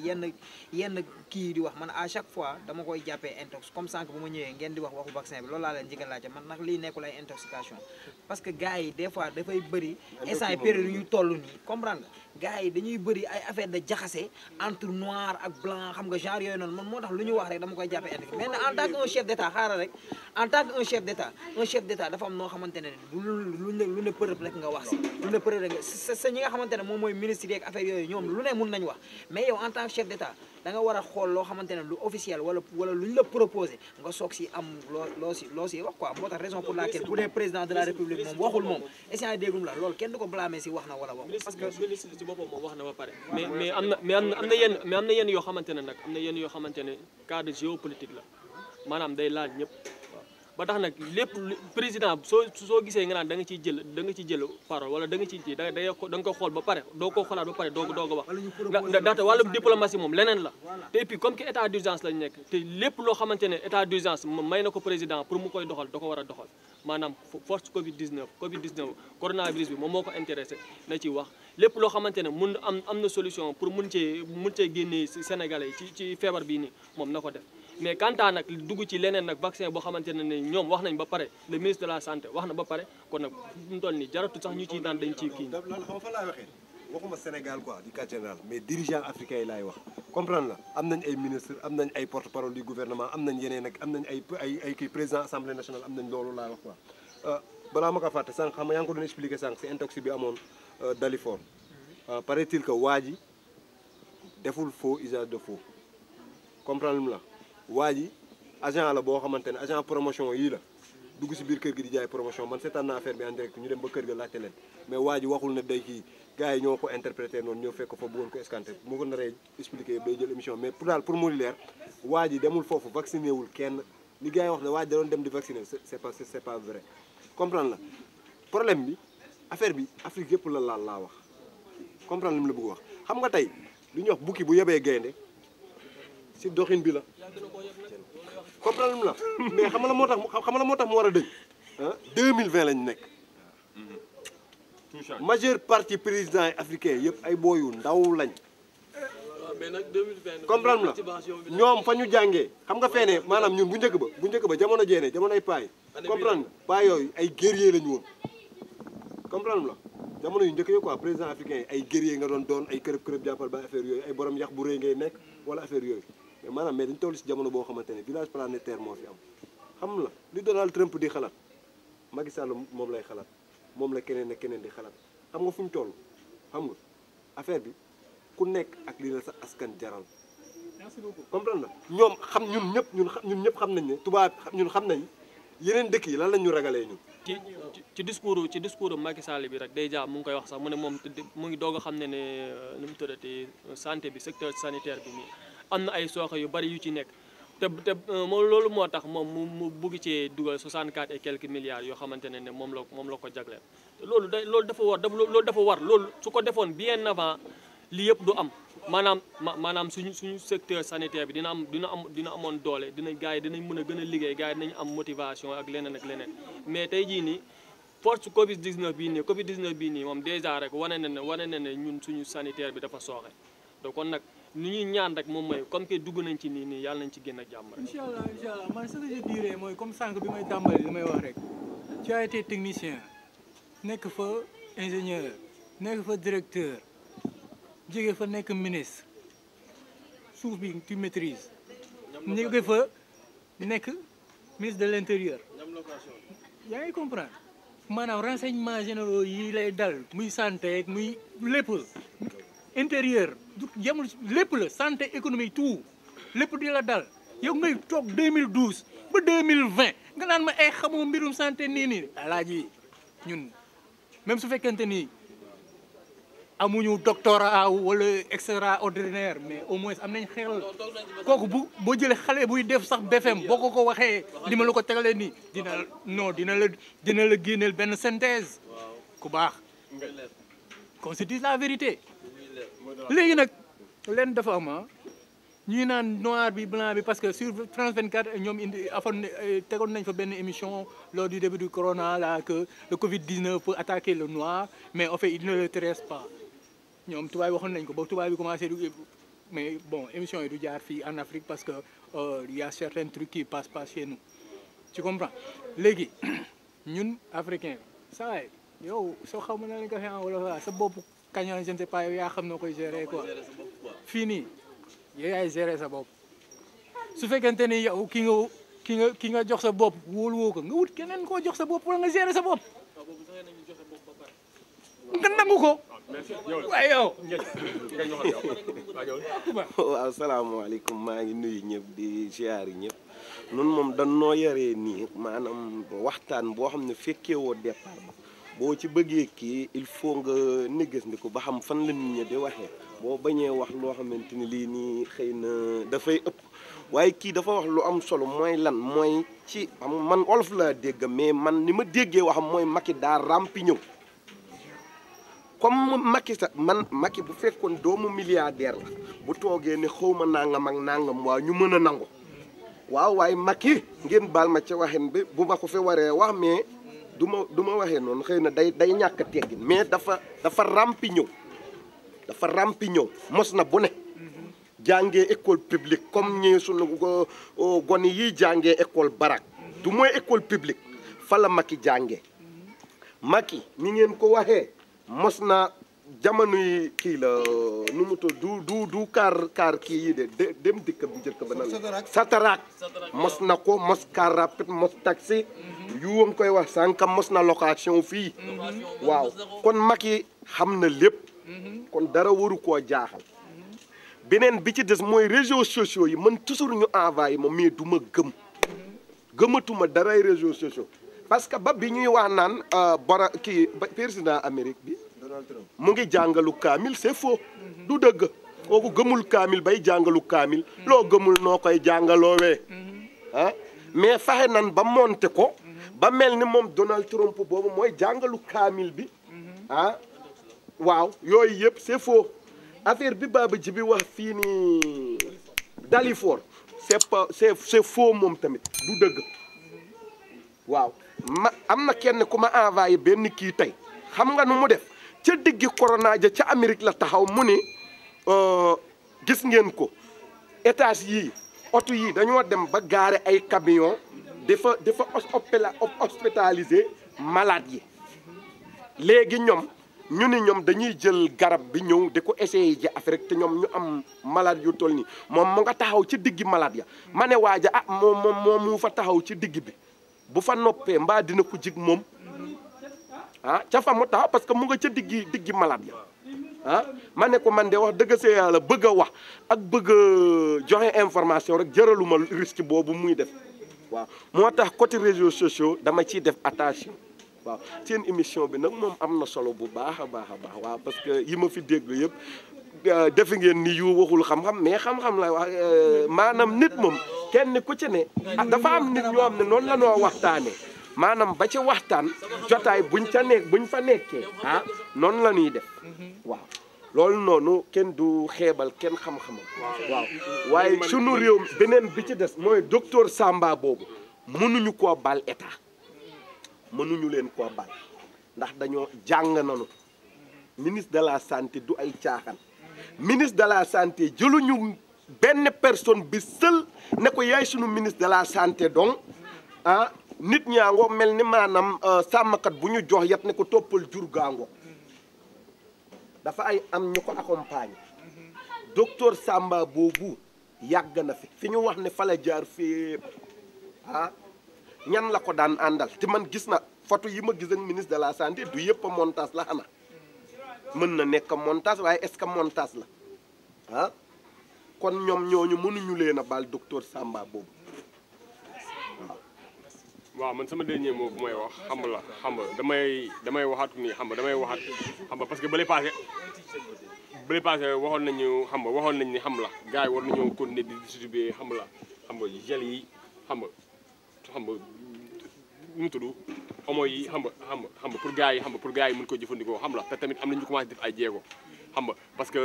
yenn kii di wax man à chaque fois dama koy jàppee intox comme sànq bu ma ñëwee ngeen di wax waxu vaccin bi loolu laa leen njëkk a laajte man nag lii nekkul ay intoxication parce que gars yi des fois dafay bëri instant période yu ñu toll nii comprendre nga gars yi dañuy bëri ay affaire de jaxase entre noir ak blanc xam nga genre yooyu noonu moo tax lu ñu wax rek dama koy jàppee ethnique mais en chef d' état xaaral rek en tant chef d' dafa am noo xamante ne lu ne lu ne preuve nga wax lu ne preuve sa ñi nga xamante ne moom mooy ministre yeeg affaire yooyu ñoom lu ne mun nañu wax mais yow en tant chef d' danga war a xool loo xamante ne lu officiel wala wala lu ñu la proposé nga soog si am loo loo si loo si wax quoi moo tax raison pour laquelle bu dee président de la république moom waxul moom essient déggum la loolu kenn du ko blâmer si wax na wala wax parce que ministre si boppam moom wax na ba pare mais mais am na mais am na yenn am na yenn yoo xamante nag am na yenn yoo xamante ne cadre la maanaam day laaj ñëpp ba tax nag lépp président soo soo gisee nga naan da nga ciy jël da nga ciy jël parole wala da nga ciy da nga ko da nga ko xool ba pare doo ko xoolaat ba pare doo ko doo ko wax ndaxte wàllum diplomatie moom leneen la te et puis comme que état d'urgence lañ nekk te lépp loo xamante ne état d'urgence may na ko président pour mu koy doxal da ko war a doxal maanaam force covid 19 covid 19 coronavirus bi moom moo ko intéressé na ci wax lép loo xamante ne mun am am na solution pour mun cee mun cee génnee sénégalais yi ci ci feebar bii nii moom na ko def mais kantaa nag dugg ci leneen nag vaccin boo xamante ne ne ñoom wax nañ ba pare le ministre de la santé wax na ba pare kon nag fu mu toll nii jaratu sax ñu ciy naan dañ ciy kii waxuma Sénégal quoi di quartier général mais dirigeant africain yi laay wax comprendre la am nañ ay ministre am nañ ay porte parole du gouvernement am nañ yeneen ak am nañ ay ay kii président assemblée nationale am nañ loolu laay wax quoi euh, balaa ma ko fàtte sànq xam nga yaa ngi ko doon expliqué sànq si intox bi amoon euh, Dalifort euh, paraît-il ji deful faux usage de faux comprendre la waa ji agent la boo xamante ne agent promotion yii la dugg si biir kër gi di jaay promotion man seetaan naa affaire bi en direct ñu dem ba kër ga laajte leen mais waa ji waxul ne day kii gars yi ñoo ko interprété noonu ñoo fekk fa bëggoon ko escanté moo ko naree expliqué yëpp day jël émission mais pour daal pour mu leer waa ji demul foofu vacciné wul kenn li gaa yi wax ne waa ji da dem di vacciné c'est pas c'est pas vrai comprendre la problème bi affaire bi Afrique yëpp la laal laa wax comprendre la bëgg wax xam nga tey lu ñuy wax bukki bu yebee gaynde si doxin bi la comprendre mu la mais xam la moo tax xam la moo tax mu war a dëñ ah 2020 lañ nekk majeure partie président yi africain yëpp ay booyu ndaw lañ comprendre la ñoom fa ñu jàngee xam nga feenee maanaam ñun bu njëkk ba bu njëkk ba jamono jeene jamono ay paay comprendre paay yooyu ay guerrier lañu woon comprendre la jamono yu njëkk yi quoi président africain yi ay guerrier nga doon doon ay kërëb kërëb jàppal ba affaire yooyu ay borom yax bu rëy ngay nekk wala affaire yooyu manaam maanaam mais dañ toll si jamono boo xamante ne village planétaire moo fi am xam la li Donald Trump di xalaat Macky Sall moom lay xalaat moom la keneen ak keneen di xalaat xam nga fu ñu toll xam affaire bi ku nekk ak li sa askan jaral comprendre na ñoom xam ñun ñëpp ñun xam ñun ñëpp xam nañ ne tubaab ñun xam nañ yeneen dëkk yi lan lañ ñu ragalee ñun ci ci discours ci discours Macky Sall bi rek déjà mu ngi koy wax sax mu ne moom mu ngi doog a xam ne ne euh, nu mu tuddati santé bi secteur sanitaire bi nii am na ay sooxe yu bari yu ci nekk te euh, moom loolu moo tax moom mu mu bugg cee dugal 64 et quelques milliards yoo xamante ne ne moom la moom la ko jagleel. loolu day loolu dafa war loolu dafa war loolu su ko defoon bien avant lii yëpp du am maanaam ma maanaam suñu suñu secteur sanitaire bi dina am dina am dina amoon doole dina gars yi dinañ mën a gën a liggéey gars yi dinañ am motivation ak leneen ak leneen mais tey jii nii. force Covid 19 bii nii Covid 19 bii nii moom dèjà rek wane na ne wane na ne ñun suñu sanitaire bi dafa sooxe donc ni ñuy ñaan rek moom mooy comme que dugg nañ ci nii nii yàlla nañ ci génn a jàmm rek. incha allah incha allah man ce que je dirais mooy comme sànq bi may tàmbali li may wax rek. tu as été technicien nekk fa ingénieur nekk fa directeur jóge fa nekk ministre suuf bi tu maîtrises. jóge fa nekk ministre de l' intérieur. yaa ngi comprendre maanaam renseignements généraux yi lay dal muy santé muy lépp intérieur. yemul lépp la santé économie tout lépp di la dal yow ngay toog 2012 ba 2020 nga naan ma ay eh, xamoo mbirum santé nii nii alaaji ñun même su fekkente ni amuñu doctorat wala extraordinaire mais au moins am nañ xel kooku bu boo jëlee xale buy def sax BFM boo ko ko waxee li ma la ko tegalee nii dina non dina la dina la génneel benn synthèse ku baax qu'on se dise la vérité léegi nag leen dafa ñu ah. ñuy naan noir bi blanc bi parce que sur France 24 ñoom indi afoon eh, tegoon nañ fa benn émission lors du début du corona la que le Covid 19 peut attaquer le noir mais en fait il ne le traite pas ñoom tubaab yi waxoon nañ ko ba tubaab bi commencé du mais bon émission yi du jaar fii en Afrique parce que oh, il y a certains trucs qui passent pas chez nous tu comprends léegi ñun africain saa yow soo xaw ma naa ne ko wala ah, sa bopp. kañoon je ne sais yaa xam noo koy gérer quoi fii nii yow yaay gérer sa bopp su fekkente ni yow ki nga ki nga ki nga jox sa bopp wóolu woo ko nga wut keneen koo jox sa bopp wala nga gérer sa bopp nga nangu ko waaye yow waaw maa ngi nuyu ñëpp di ziar yi ñëpp nun moom dañ noo yaree nii maanaam waxtaan boo xam ne fekkee woo départ boo ci bëggee kii il faut nga négandiku ba xam fan la nit ñi di waxee boo bañee wax loo xamante ni lii nii xëy na dafay ëpp waaye kii dafa wax lu am solo mooy lan mooy ci am man olof laa dégg mais man ni ma déggee waxam mooy Macky daa rampi ñëw comme Macky sax man Macky bu fekkoon doomu milliardaire la bu toogee ne xaw ma nangam ak nangam waa ñu mën a nangu waaw waaye Macky ngeen baal ma ca waxin bi bu ma ko fi waree wax mais. du ma du ma waxee noonu xëy na day day ñàkk a teggin mais dafa dafa ràmpi ñëw dafa ràmpi ñëw mos na bu ne jàngee école publique comme ñi sunu gone yi jàngee école barak du école publique fa la Macky jàngee Macky ni ngeen ko waxee mos na jamonoy kii la nu mu tudd du du du kaar kaar kii yi de dem dikk bu njëkk ba nan sataraak mos na ko mos car rapide mos taxi mhm. yu wam koy wax sànq mos na location fii mhm. waaw kon mag yi xam na lépp mhm. kon dara waru koo jaaxal beneen bi ci des mooy réseaux sociaux yi man toujours ñu envoyé ma mais du ma gëm gëmatuma daray réseaux sociaux parce que ba bi ñuy wax naan euh, bara kii président Amérique bi mu ngi jàngalu kaamil c'est foo du dëgg kooku gëmul kaamil bay jàngalu kaamil loo gëmul noo koy jàngaloowee ah mais faxe nan ba monte ko ba mel ni moom Donald Trump boobu mooy jàngalu kaamil bi ah, waaw yooyu yëpp c'est faux affaire bi Baba Ji wax fii nii Dalifort c'est pas c'est moom tamit du dëgg waaw ma am na kenn ku ma envoyé benn kii tey xam nga nu mu def ca diggi corona ja ca Amérique la taxaw mu ni euh, gis ngeen ko étage yii oto yii dañoo dem ba gaare ay camion dafa dafa hospitalisé malaat yi léegi ñoom ñu ni ñoom dañuy jël garab bi ñëw di ko essayé ji Afrique te ñoom ñu am malaat yu toll nii moom mu nga taxaw ci diggi malaat ya ma ne waaja ah moom moom mu fa taxaw ci digg bi bu fa noppee mbaa dina ko jig moom ah ca fa mu taxaw parce que mu nga ca diggi diggi malade ya ah ma ne ko man de wax dëgg yàlla bëgg a wax ak bëgg a joxe information rek jëraluma risque boobu muy def waaw moo tax côté réseaux sociaux dama ciy def attention waaw seen émission bi nag moom am na solo bu baax a baax a baax waaw parce que yi ma fi dégg yëpp euh, defe ngeen ni yu waxul xam-xam mais xam-xam la wax euh, maanaam nit moom kenn ku ci ne ah, dafa am nit ñoo am ne noonu la noo waxtaanee maanaam ba ca waxtaan jotaay buñ ca nekk buñ fa nekkee ah noonu la ñuy def waaw loolu noonu kenn du xeebal kenn xam-xamam waaw waaye sunu réew beneen bi ci des mooy docteur Samba boobu mënuñu koo bal état mënuñu leen koo bal ndax dañoo jàng nanu ministre de la santé du ay caaxaan ministre de la santé jëluñu benn personne bi seul ne ko yaay sunu ministre de la santé donc ah nit ñaa ngo mel ni maanaam euh, sàmmkat bu ñu jox yat ne ko toppal jur gaango dafa ay am ñu ko accompagne docteur sàmba boobu yàgg na fi fi ñu wax ne fala jaar fii ah ñan la ko daan àndal te man gis na photo yi ma gis ak ministre de la santé du yëpp a montage la xanaa mën na nekk montage waaye est-ce que montage la ah, kon ñoom ñooñu mënuñu leen a baal docteur sàmba boobu waaw man sama dernier mot bu may wax xam la xam nga damay damay waxaat nii xam nga damay waxaat xam nga parce que bële paase bële paase waxoon nañu xam nga waxoon nañ ni xam la gars yi war nañoo continuer di distribuer xam la xam nga gel yi xam nga xam nga nu mu tudd omo yi xam nga xam nga xam pour gars yi xam nga pour gars yi mën ko jëfandikoo xam la te tamit am na ñu commencé ay jéego. xam nga parce que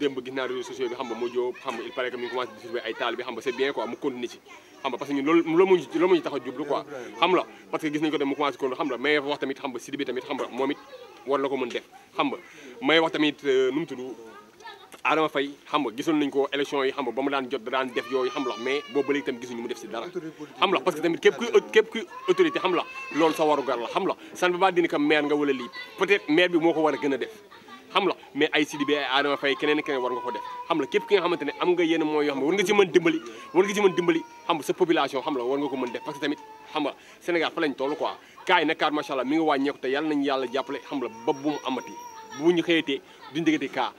démb gis naa réseaux sociaux bi xam nga moo jóob xam nga il paraît que mi ngi commencé distribuer ay taal bi c'est bien a jublu ko mu commencé kon xam nga sidi bi tamit xam moom it war na ko mën def xam nga may wax tamit nu mu Adama Faye xam nga nañ ko élection yi xam ba mu daan jot da daan def yooyu xam la mais boobu ba léegi tamit gisuñu mu def si dara xam la parce que tamit képp kuy autorité xam la loolu sa warugar la xam san ba ba dini ka maire nga wala lii peut-être maire bi moo ko war a gën a xam la mais ay Sidibé ay Adama Faye keneen keneen war nga ko def xam la képp ki nga xamante ne am nga yenn mooy yoo xam ne war nga ci mën dimbali war nga ci mën dimbali xam nga sa population xam la war nga ko mën def parce tamit xam nga Sénégal fa lañ toll quoi kaay na kaar macha allah mi ngi wàññeeku te yàlla nañu yàlla jàppale xam la ba bu mu amati bu ñu xëyatee duñ diggante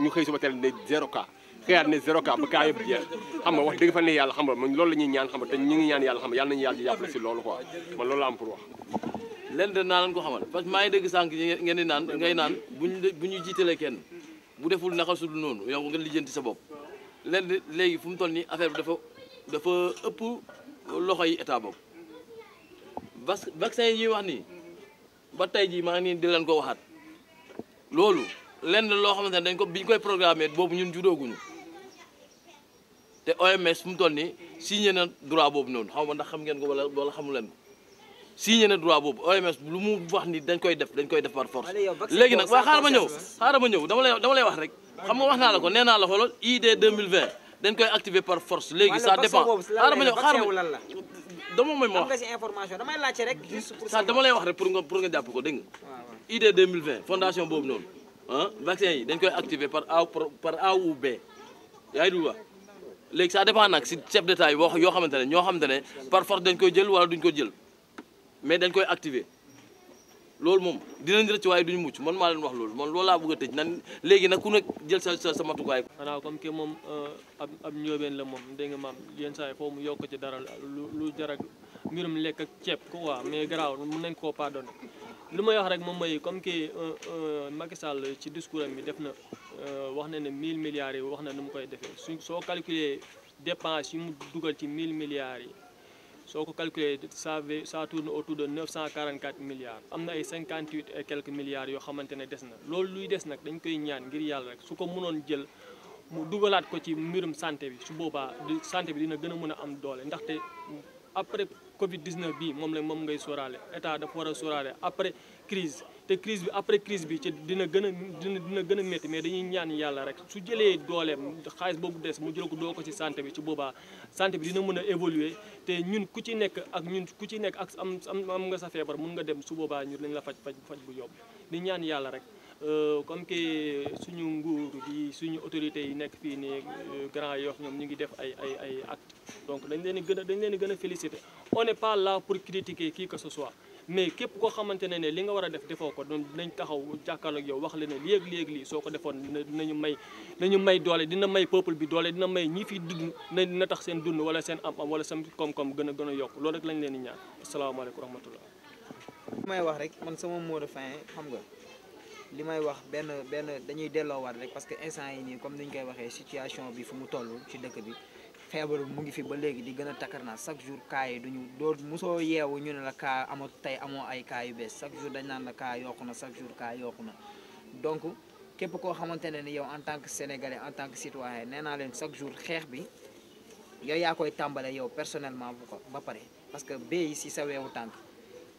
ñu xëy suba teel ne zéro cas xëyaat ne zéro xam nga wax dëgg fa ne yàlla xam nga loolu la ñuy ñaan xam nga te ñu ngi ñaan yàlla xam nga yàlla la am pour leen de naa leen ko xamal parce que maa ngi dégg sànq ngeen di naan ngay naan buñ bu ñu jiitalee kenn bu deful naka su dul noonu yow nga lijjanti sa bopp leen léegi fu mu toll nii affaire bi dafa dafa ëpp loxo yi état boobu parce que yi wax nii ba tey jii maa ngi di leen ko waxaat loolu lenn loo xamante ne dañ ko biñ koy programmer boobu ñun judooguñu te OMS fu mu toll nii signé na droit boobu noonu xaw ma ndax xam ngeen ko wala wala xamu leen signé na droit boobu OMS lu mu wax ni dañ koy def dañ koy def par force léegi nag waa xaaral ma ñëw xaaral ma ñëw dama lay dama lay wax rek xam nga wax naa la ko nee naa la xoolal ID 2020 dañ koy activer par force léegi ça dépend xaaral ma ñëw dama may ma wax damay laajte rek ça dama lay wax rek pour nga pour nga jàpp ko dégg nga ID 2020 fondation boobu noonu vaccin yi dañ koy activer par A par A B yaa ngi dul wax léegi ça dépend nag si chef yoo xamante ne ñoo xamante ne par force dañ koy jël wala duñ ko jël mais dañ koy activer loolu moom dinañ rëcc waaye duñu mucc man maa leen wax loolu man loolu laa bëgg a tëj nan léegi nag ku nekk jël sa sa sa matukaay. xanaa comme que moom euh, ab ab njóobeen la moom dégg nga maam yenn saa yi mu yokk ci dara lu lu jar ak lekk ak ceeb ko waa mais garaaw mun nañ koo pardonné lu may wax rek moom mooy comme que euh, euh, Macky Sall ci discours am bi def na wax na ne 1000 milliards yi wax na nu mu koy defee suñ soo calculer dépense yi mu dugal ci 1000 milliards yi. soo ko calculé ça ça tourne autour de 944 milliards am na ay 58 et quelques milliards yoo xamante ne des na loolu luy des nag dañ koy ñaan ngir yàlla rek su ko mënoon jël mu dugalaat ko ci mbirum santé bi su boobaa santé bi dina gën a mën a am doole ndaxte après Covid 19 bii moom la moom ngay sóoraale état dafa war a sóoraale après crise te crise bi après crise bi ci dina gën a dina dina gën a mais dañuy ñaan yàlla rek su jëlee dooleem xaalis boobu des mu jël ko doo ko ci santé bi ci boobaa santé bi dina mën a évoluer te ñun ku ci nekk ak ñun ku ci nekk ak am am nga sa feebar mun nga dem su boobaa ñu lañ la faj faj faj bu yomb di ñaan yàlla rek euh, comme que suñu nguur gi suñu autorités yi nekk fii nii euh, Grand Yoff ñoom ñu ngi def ay ay ay actes donc dañ leen gën a dañ leen gën a féliciter on n'est pas là pour critiquer qui que ce soit mais képp koo xamante ne ne li nga war a def defoo ko doon dinañ taxaw jàkkaarloo ak yow wax la ne léeg-léeg lii soo ko defoon dinañu may dinañu may doole dina may peuple bi doole dina may ñi fi dund na dina tax seen dund wala seen am-am wala seen koom-koom gën a gën a yokk loolu rek lañ leen di ñaan asalaamaaleykum rahmatullah may wax rek man sama mot de fin xam nga li may wax benn benn dañuy delloowaat rek parce que instant yi nii comme niñ koy waxee situation bi fu mu toll ci dëkk bi feebar mu ngi fi ba léegi di gën a takkar naa chaque jour cas yi duñu doo mosoo yeewu ñu ne la cas amoo tey amoo ay cas yu bees chaque jour dañ naan la cas yokku na chaque jour kaa yokku na donc képp koo xamante ne ni yow en tant que sénégalais en tant que citoyen nee naa leen chaque jour xeex bi yow yaa koy tàmbale yow personnellement bu ba pare parce que béy si sa weewu tànk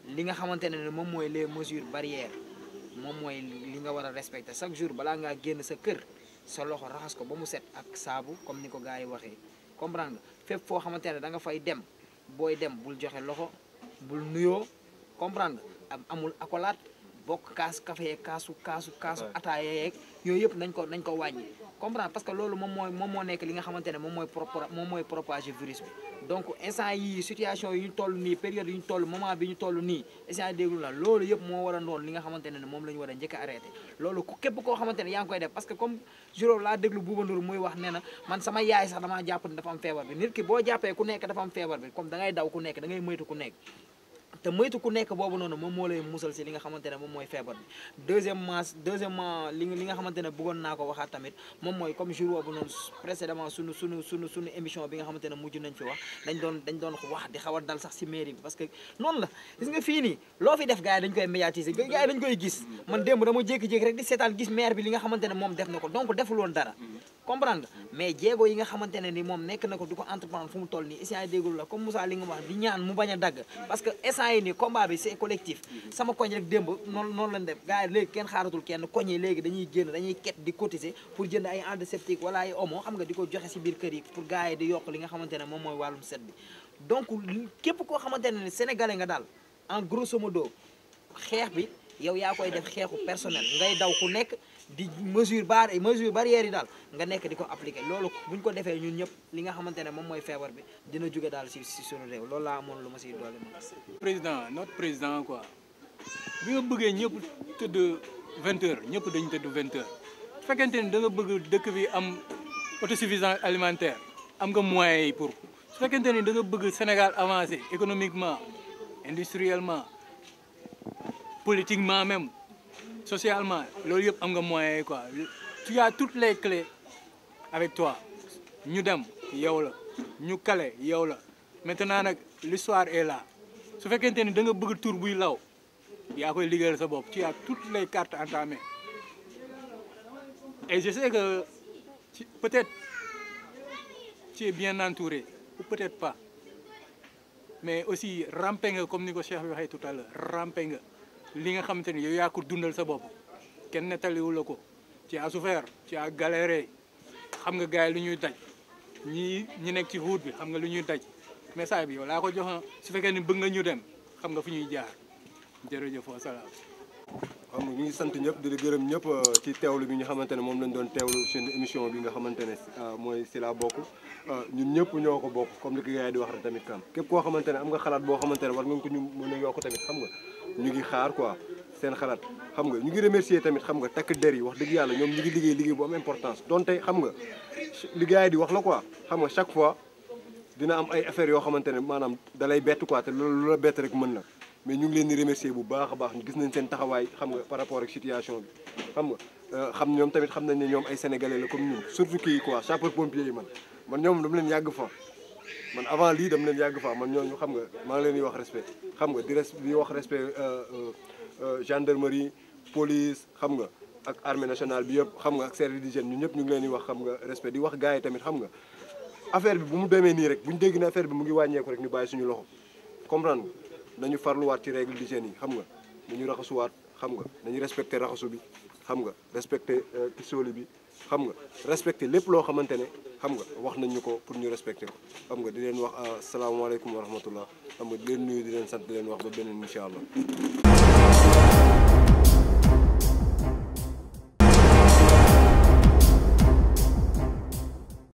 li nga xamante ne moom mooy les mesures barrières moom mooy li nga war a respecter chaque jour balaa ngaa génn sa kër sa loxo raxas ko ba mu set ak saabu comme ni ko gars yi waxee comprendre nga fépp foo xamante ne danga fay dem booy dem bul joxe loxo bul nuyoo comprendre nga am amul accolade bokk kaas café kaasu kaasu kaasu ataaya yeeg yooyu yëpp nañ ko nañ ko wàññi comprendre parce que loolu moom mooy moom moo nekk li nga xamante ne moom mooy moom mooy propager virus bi donc instant yi situation yu ñu toll nii période yi ñu toll moment bi ñu toll nii instant déglu la loolu yëpp moo war a ndoon li nga xamante ne moom la ñu war a njëkk a loolu képp koo xamante ne yaa ngi koy def parce que comme juróom laa déglu Bouba Ndour muy wax ne man sama yaay sax damaa jàpp ne dafa am feebar bi nit ki boo jàppee ku nekk dafa am feebar bi comme da ngay daw ku nekk da ngay moytu ku nekk te moytu ku nekk boobu noonu moom moo lay musal si li nga xamante ne moom mooy feebar bi deuxièmement deuxièmement li li nga xamante ne bëggoon naa ko waxaat tamit moom mooy comme jour boobu noonu précédemment sunu sunu sunu sunu émission xamante ne mujj nañ fi wax dañ doon dañ doon wax di xaw a dal sax si mairie bi parce que noonu la gis nga fii nii loo fi def gars yi koy médiatiser gars yi koy gis man démb dama jékki rek di seetaan gis maire bi nga xamante ne moom def na ko donc deful dara comprendre nga mais jéego yi nga xamante ne ni moom nekk na ko du ko entreprendre fu mu toll nii essant yi déggul la comme Moussa li nga wax di ñaan mu bañ a dagg parce que essant yi nii combat bi c'est collectif sama koñ rek démb noonu noonu lañ def yi léegi kenn xaaratul kenn koñ yi léegi dañuy génn dañuy ket di cotiser pour jënd ay antiseptique wala ay omo xam nga di ko joxe si biir kër yi pour gars yi di yokk li nga xamante ne moom mooy wàllum set képp koo xamante ne ni nga daal en grosso modo xeex bi yow yaa koy def xeexu personnel ngay daw ku nekk di mesure bar mesure barrière yi daal nga nekk di ko appliquer loolu bu ñu ko defee ñun ñëpp li nga xamante ne moom mooy feebar bi dina jóge daal si si suñu réew loolu laa amoon lu ma siy doole moom. président notre président quoi bi bëggee ñëpp tëdd vingt ñëpp dañ tëdd vingt heures bu fekkente ni da bëgg dëkk bi am autosuffisance alimentaire am nga moyens yi pour su fekkente ni da nga bëgg Sénégal avancé économiquement industriellement. politiquement même socialement loolu yëpp am nga moyens yi quoi tu as toutes les clés avec toi ñu dem yow la ñu kale yow la maintenant nag l'histoire et la su fekkente ni da nga bëgg tur buy law yaa koy liggéeyal sa bopp tu as toutes les cartes en ta main et je sais que peut-être tu bien entouré ou peut-être pas mais aussi rampe nga comme ni ko Cheikh bi waxee tout à l'heure nga li nga xamante ni yow yaa ko dundal sa bopp kenn nettaliwu la ko ci a ci a galéré xam nga gars lu ñuy daj ñi ñi nekk ci route bi xam nga lu ñuy daj message bi yow laa ko joxoon su fekkee ni bëgg nga ñu dem xam nga fu ñuy jaar jërëjëf wa salaam. xam nga ñu ngi sant ñëpp ñëpp euh, ci teewlu ñu xamante ne moom lañ doon teewlu seen émission bi nga xamante euh, mooy si laa bokk euh, ñun ñëpp ñoo ko bokk comme li ko gars di wax rek tamit kam képp koo xamante ne am nga xalaat boo xamante ne war nga ko ñu mën a yokk tamit xam nga. ñu ngi xaar quoi seen xalaat xam nga ñu ngi remercier tamit xam nga takk der yi wax dëgg yàlla ñoom ñu ngi liggéey liggéey bu am importance donte xam nga li di wax la quoi xam nga chaque fois dina am ay affaires yoo xamante ne maanaam dalay bett quoi te loolu lu la bett rek mën na mais ñu ngi leen di remercier bu baax baax baax gis nañ seen taxawaay xam nga par rapport ak situation bi xam nga euh, xam ñoom tamit xam nañ ne ñoom ay sénégalais la comme ñun kii quoi sapeur pompier yi man man ñoom dama leen yàgg fa man avant lii dem leen yàgg fa man ñooñu xam nga maa ngi leen di wax respect xam nga di res di wax respect euh, euh, euh, gendarmerie police xam nga ak armée nationale bi yëpp xam nga ak service d'hygiène ñu ñëpp ñu ngi leen di wax xam nga respect di wax gars yi tamit xam nga affaire bi bu mu demee nii rek bu ñu dégg ne affaire bi mu ngi wàññeeku rek ñu bàyyi suñu loxo comprendre nga nañu farluwaat ci di d'hygiène yi xam nga ñu raxasuwaat xam nga nañu respecté raxasu bi xam nga respecté tisoli bi xam nga respecté lépp loo xamante ne xam nga wax nañ ñu ko pour ñu respecté ko xam nga di leen wax asalaamaaleykum ah, wa rahmatullah xam nga di leen nuyu di leen sant di leen wax ba beneen incha allah